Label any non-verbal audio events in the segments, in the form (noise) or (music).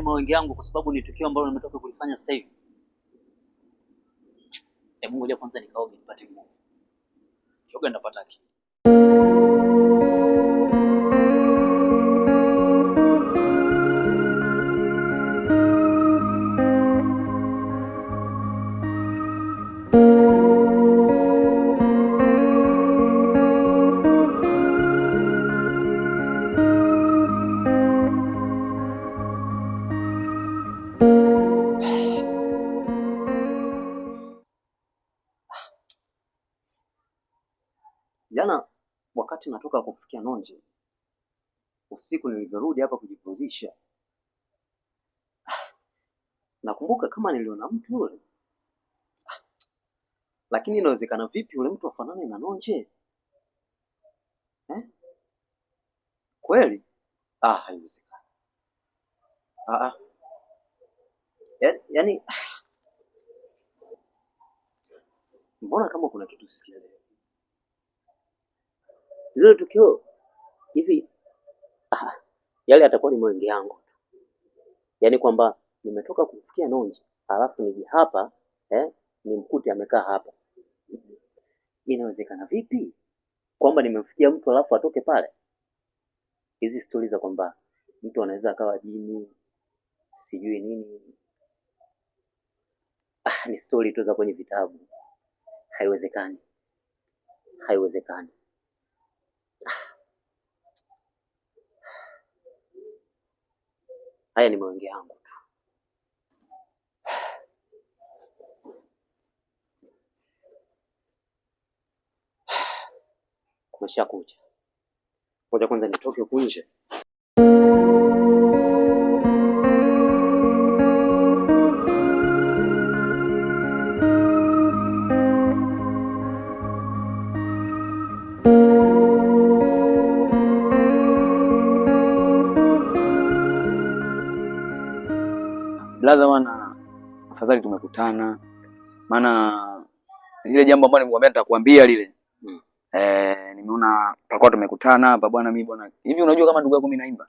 ni mwa wangu, kwa sababu ni tukio ambalo nimetoka kulifanya sasa hivi. Hebu ngoja kwanza nikaoge nipate nguvu, kioga ndapata akili. Chononje usiku nilivyorudi hapa kujipumzisha, (sighs) nakumbuka kama niliona mtu yule, (sighs) lakini inawezekana vipi yule mtu afanane na Nonje eh? Kweli? Ah, haiwezekani. Ah, ah. yaani (sighs) mbona kama kuna kitu sikia leo, lile tukio hivi ah, yale atakuwa ni mwenge yangu, yaani kwamba nimetoka kumfikia Nonje alafu nije hapa eh, ni mkute amekaa hapa. Inawezekana vipi kwamba nimemfikia mtu alafu atoke pale? Hizi stori za kwamba mtu anaweza akawa jini sijui nini, ah, ni stori tu za kwenye vitabu. Haiwezekani, haiwezekani. Haya ni mawenge yangu tu. (sighs) Kumesha kucha, ngoja kwanza nitoke huku nje. Laza bwana, afadhali tumekutana, maana ile jambo ambalo nilikwambia nitakwambia lile hmm. Eh, nimeona pakuwa tumekutana hapa bwana. Mimi bwana, hivi unajua kama ndugu yako mimi naimba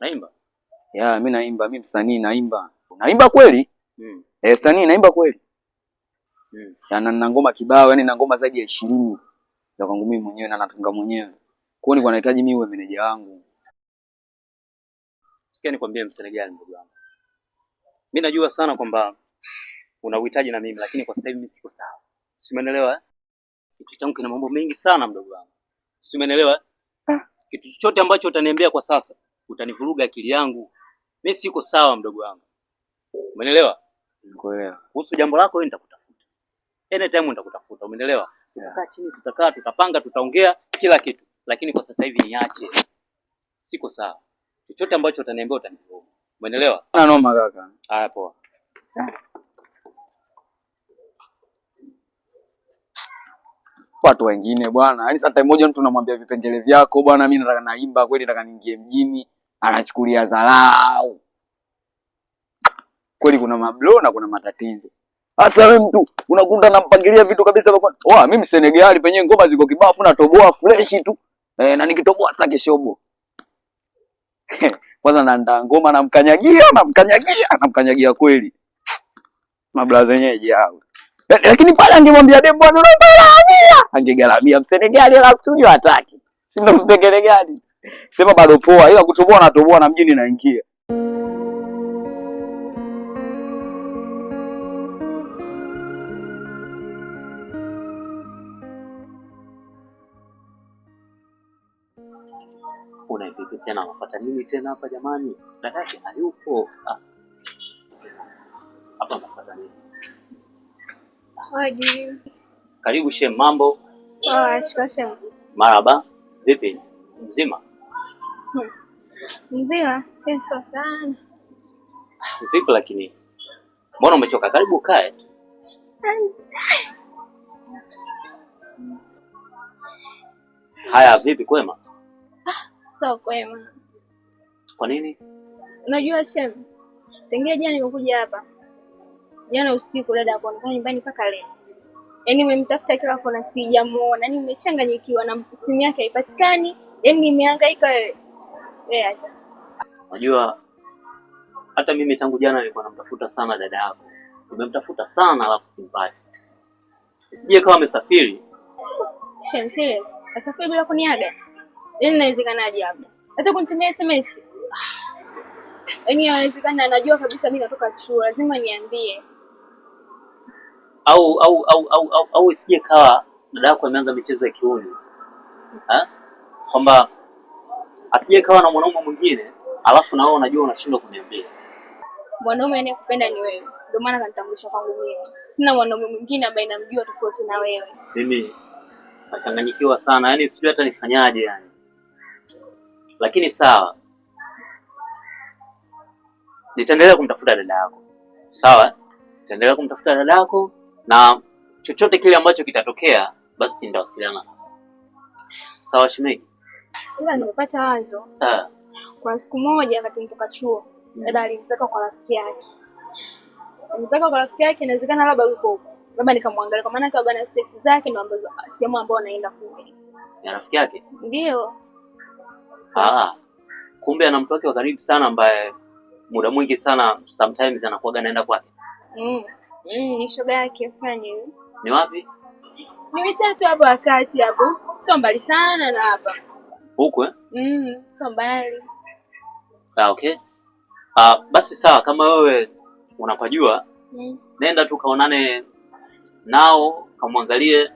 naimba ya mimi naimba, mimi msanii naimba, naimba kweli hmm. Eh, msanii naimba kweli hmm. Ya, na ngoma kibao, yani na ngoma zaidi ya 20 za kwangu mimi mwenyewe na natunga mwenyewe. Kwa hiyo nilikuwa nahitaji mimi uwe meneja wangu. Sikia nikwambie msanii gani ndugu yangu mi najua sana kwamba una uhitaji na mimi, lakini kwa sasa hivi mimi siko sawa, si umeelewa eh? Kitu changu kina mambo mengi sana mdogo wangu, si umeelewa eh? ah. Kitu chochote ambacho utaniambia kwa sasa utanivuruga akili yangu, mimi siko sawa mdogo wangu, umeelewa? Kuhusu jambo lako wewe, nitakutafuta anytime, nitakutafuta umeelewa? Tutakaa yeah, chini, tutakaa, tutapanga, tutaongea kila kitu, lakini kwa sasa hivi niache, siko sawa. Chochote ambacho utaniambia utanivuruga Umeelewa? Ana noma kaka. Haya poa. Watu wengine bwana, yani saa moja mtu namwambia vipengele vyako bwana, mimi nataka naimba kweli, nataka niingie mjini, anachukulia dharau. Kweli kuna mablo na kuna matatizo. hasa wewe mtu unakuta nampangilia vitu kabisa kwa wa mimi Senegali penye ngoma ziko kibafu, natoboa fresh tu. Eh, na nikitoboa sitaki shobo. (laughs) kwanza naandaa ngoma, namkanyagia namkanyagia namkanyagia kweli, mabla zenyeji hao. Eh, lakini pale angemwambia dem bwana, unaangalia, angegaramia msenegali la studio hataki, sindo mpengele gani, sema bado poa, ila kutoboa na toboa na mjini naingia tena? Wanafuata nini tena hapa jamani? Dada yake hayupo ah. hapa, wanafuata nini? Haji, karibu shem. Mambo ah, maraba, vipi? Mzima hmm. mzima, pesa sana. Vipi lakini, mbona umechoka? Karibu kae. Haya, vipi, kwema? sio kwema. Kwa nini? Unajua Shem, tangia jana nimekuja hapa, jana usiku dada hakuonekana nyumbani mpaka leo. Yaani nimemtafuta kila kona, sijamuona. Yaani nimechanganyikiwa na simu yake haipatikani, yaani nimehangaika wewe. Wewe acha. Unajua hata mimi tangu jana nilikuwa namtafuta sana dada yako, nimemtafuta sana alafu simpati, sijui kama amesafiri. Shem, sile asafiri bila kuniaga Yaani inawezekanaje labda? Hata kunitumia SMS. Yaani inawezekana najua kabisa mimi natoka chuo, lazima niambie. Au au au au au, au au isije kawa dada yako ameanza michezo ya kiuni. Ha? Kwamba asije kawa na mwanaume mwingine, alafu na wewe unajua unashindwa kuniambia. Mwanaume anayekupenda ni wewe. Ndio maana kanitambulisha kwangu mimi. Sina mwanaume mwingine ambaye namjua tofauti na wewe. Mimi nachanganyikiwa sana. Yaani sijui hata nifanyaje yani lakini sawa, nitaendelea kumtafuta dada yako. Sawa, nitaendelea kumtafuta dada yako na chochote kile ambacho kitatokea, basi nitawasiliana. Sawa shemeji, ila nimepata wazo. Kwa siku moja wakati nitoka chuo, mm. dada alinipeka kwa rafiki yake, nipeka kwa rafiki yake, inawezekana labda yuko huko, labda nikamwangalia, kwa maana kawaga na stress zake, ndio ambazo sehemu ambayo anaenda kule ya rafiki yake ndio Ah, kumbe ana mtu wake wa karibu sana ambaye muda mwingi sana sometimes anakuwa anaenda kwake. Mm. Mm, ni shoga yake fanye. Ni wapi? Ni mitatu hapo wakati hapo. Sio mbali sana na hapa. Huko eh? Mm, sio mbali. Ah, okay. Ah, basi sawa kama wewe unapajua mm. Nenda tu kaonane nao kamwangalie,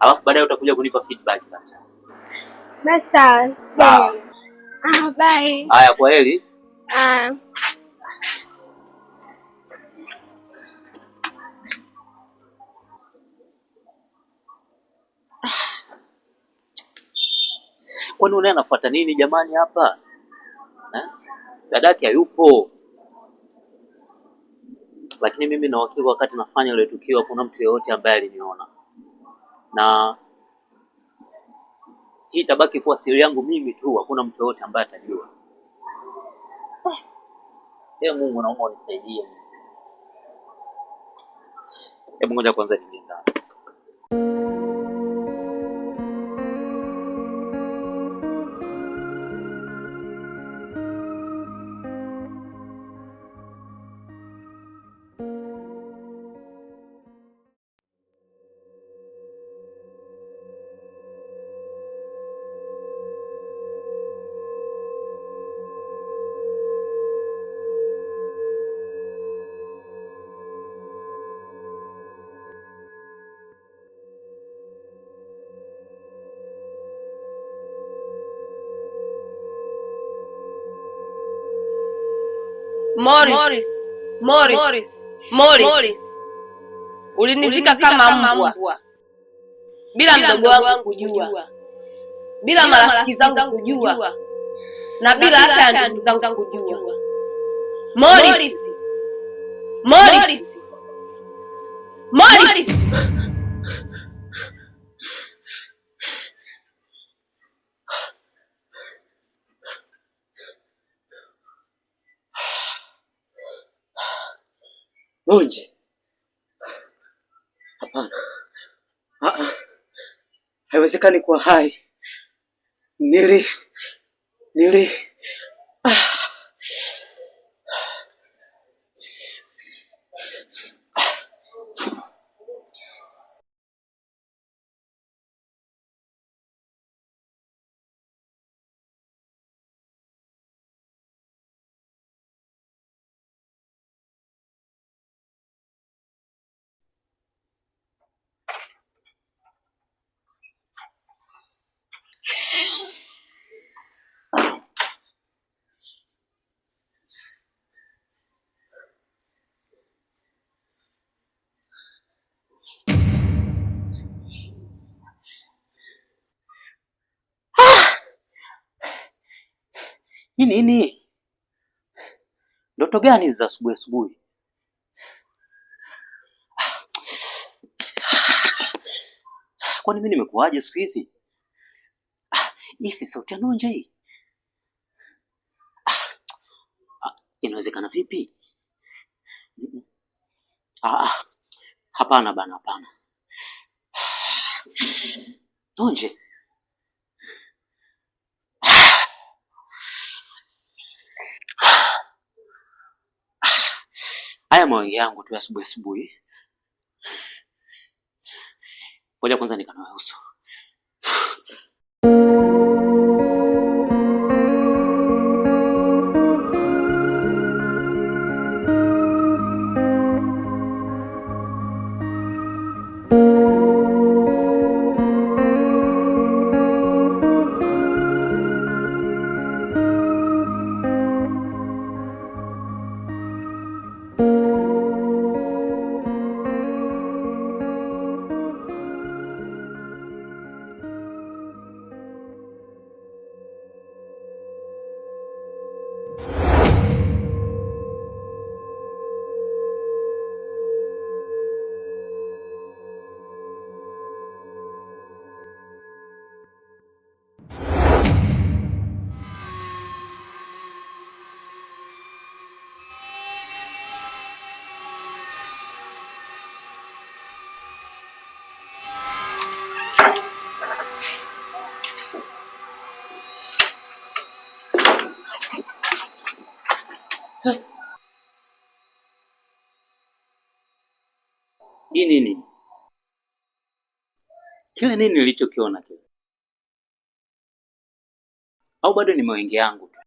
alafu baadaye utakuja kunipa feedback basi. Basa, sawa. Eh, ah, bye. Haya, kwa heri. Ah. Kwani unaye anafuata nini jamani hapa? Dadake eh? hayupo, lakini mimi na uhakika wakati nafanya ile tukio kuna mtu yeyote ambaye aliniona na hii itabaki kuwa siri yangu mimi tu, hakuna mtu yoyote ambaye atajua. Hey, ah. eh, Mungu, naomba unisaidie. Hebu ngoja kwanza ningine ulinizika kama mbwa bila mdogo wangu kujua, bila marafiki zangu kujua, na bila hata ndugu zangu kujua. Morris, Morris Monje, hapana, ah, ah. haiwezekani kuwa hai. Nili nili Hii nini? Ndoto gani za asubuhi asubuhi? Kwani mimi nimekuwaje siku hizi? Hii si sauti ya Nonja hii? Inawezekana vipi? Hapana bana, hapana Nonje Haya mawe yangu tu asubuhi asubuhi. Ngoja kwanza nikanawe uso. kile nini nilichokiona kile, au bado ni mawenge yangu tu?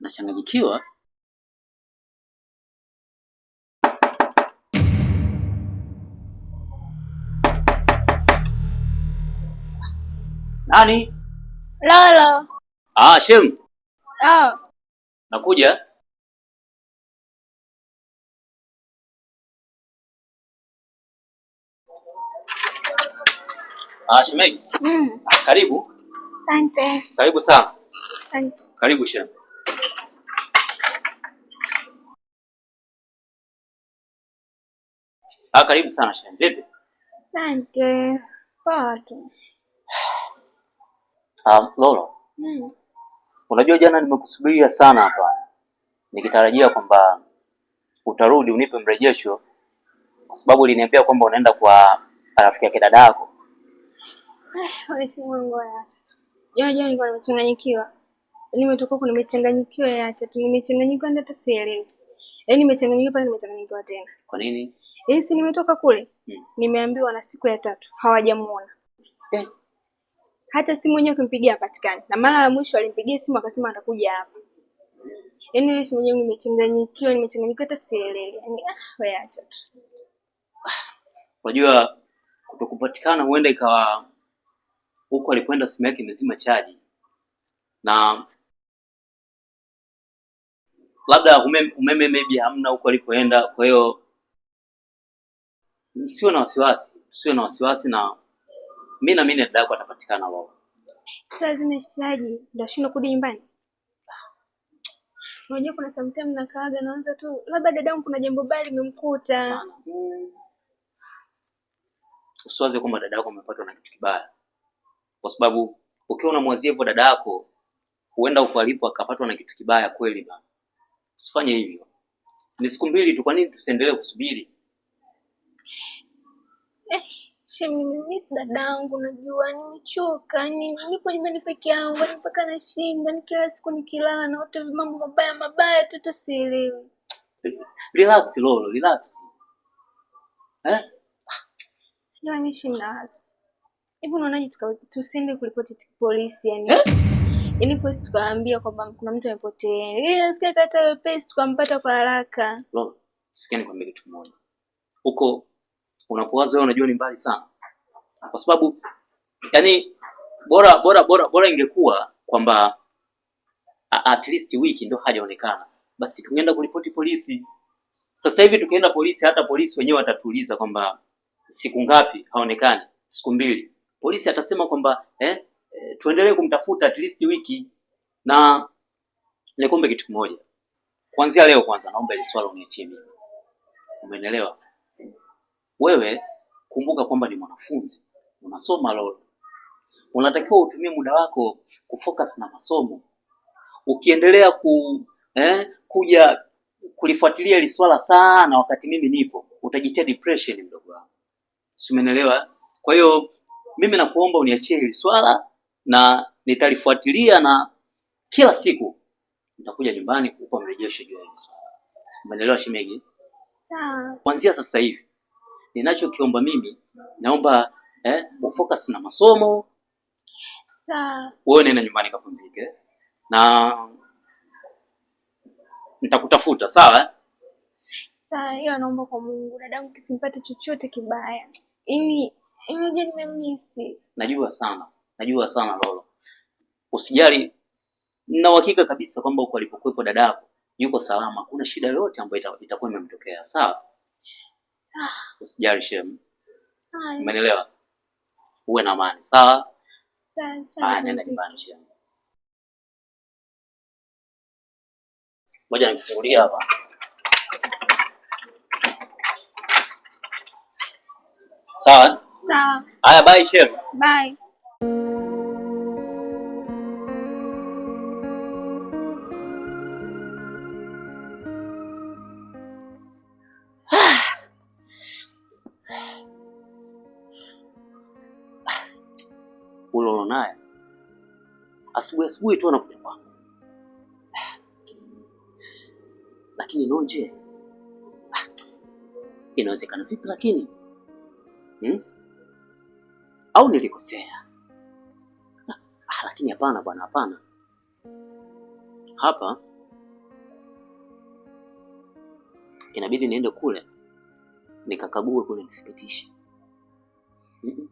Nachanganyikiwa. Nani? Lolo. Ah, Shem. Oh. Nakuja. Ah, shemeji. Mm. Karibu. Asante. Karibu sana. Asante. Karibu shemeji. Ah, karibu sana shemeji. Vipi? Asante. Poa tu. Ah, Lolo. Mm. Unajua jana nimekusubiria sana hapa nikitarajia kwamba utarudi unipe mrejesho kwa sababu uliniambia kwamba unaenda kwa rafiki yake dadako. (laughs) Wesi Mungu acha. Jana nimechanganyikiwa. Yaani nimetoka huko nimechanganyikiwa acha tu. Nimechanganyikiwa hata sielewi. Yaani nimechanganyikiwa pale nimechanganyikiwa tena. Kwa nini? Yaani si nimetoka kule. Hmm. Nimeambiwa na siku ya tatu hawajamuona. Eh. Hata simu mwenyewe ukimpigia hapatikani. Na mara ya mwisho alimpigia simu akasema atakuja hapa. Yaani wewe mwenyewe nimechanganyikiwa, nimechanganyikiwa hata sielewi. Yaani ah, wewe acha tu. Unajua kutokupatikana huenda ikawa huko alipoenda simu yake imezima chaji, na labda umeme, umeme maybe hamna huko alipoenda. Kwa hiyo msiwe na wasiwasi, msiwe na wasiwasi, na mi naamini dada yako atapatikana Wao Sasa zinashaji ndashinda kurudi nyumbani. Unajua kuna sometimes nakaaga naanza tu labda dadangu kuna jambo baya limemkuta. Usiwaze kwamba dada yako amepatwa na kitu kibaya kwa sababu ukiwa unamwazia hivyo dada yako, huenda uko alipo akapatwa na kitu kibaya kweli. Bana, usifanye hivyo, ni siku mbili tu. Kwa nini tusiendelee kusubiri? Eh, Shemi, nimemiss dadangu, najua nimechoka, nipo nyumbani peke yangu mpaka nashinda, ni kila siku nikilala naota mambo mabaya mabaya, toto sielewi. Relax Lolo, relax eh? Ndio yaani, Shemi, nawazo Hivi unaonaje tusende kuripoti polisi yani? Eh? Yaani polisi tukawaambia kwamba kuna mtu amepotea. Lakini nasikia kata wepesi tukampata kwa haraka. No. Sikia nikwambie kitu kimoja. Huko unapowaza wewe unajua ni mbali sana. Kwa sababu yani bora bora bora bora ingekuwa kwamba at least wiki ndio hajaonekana. Basi tungeenda kuripoti polisi. Sasa hivi tukienda polisi, hata polisi wenyewe watatuuliza kwamba siku ngapi haonekani? Siku mbili polisi atasema kwamba eh, eh, tuendelee kumtafuta at least wiki. Na nikombe kitu kimoja, kuanzia leo kwanza, naomba ile swala uniachie mimi, umenielewa wewe? Kumbuka kwamba ni mwanafunzi, unasoma lolo, unatakiwa utumie muda wako kufocus na masomo. Ukiendelea ku, eh, kuja kulifuatilia ile swala sana wakati mimi nipo, utajitia depression mdogo wangu, si umenielewa? Kwa hiyo mimi nakuomba uniachie hili swala na nitalifuatilia, na kila siku nitakuja nyumbani kukupa mrejesho juu ya hili swala. Umeelewa shemeji? Sawa. Kuanzia sasa hivi ninachokiomba mimi, naomba eh, na masomo. Sawa. Wewe nenda nyumbani kapumzike na nitakutafuta sawa. Sawa, hiyo naomba kwa Mungu. Dadangu kisimpate chochote kibaya, ini yaani, Imeje nimemisi. Najua sana. Najua sana Lolo. Usijali, na uhakika kabisa kwamba uko alipokuwepo dadako yuko salama. Kuna shida yoyote ambayo itakuwa imemtokea, sawa? Ah. Usijali shem. Umeelewa? Uwe na amani, sawa? Sawa sawa. Nenda nyumbani shem. Moja nikufungulia hapa. Sawa? Sawa. Haya, bye Shem. Bye. (sighs) naye asubuhi asubuhi tu anakuja kwangu, (sighs) lakini Nonje, (sighs) inawezekana vipi lakini hmm? au nilikosea? Ah, lakini hapana bwana, hapana. Hapa inabidi niende kule nikakague kule nithibitishe. mm -mm.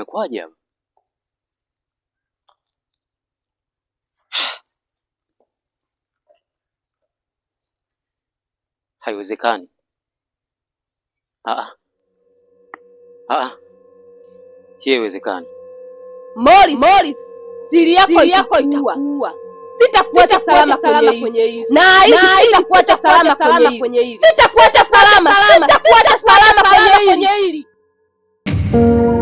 imekwaje? Haiwezekani. Ah. Ah. ah, ah. Hii haiwezekani. Morris, Morris, siri yako yako itakuwa. Sitakuacha salama salama kwenye hii. Na hii sitakuacha salama salama kwenye hii. Sitakuacha salama, sitakuacha salama kwenye hii. hili.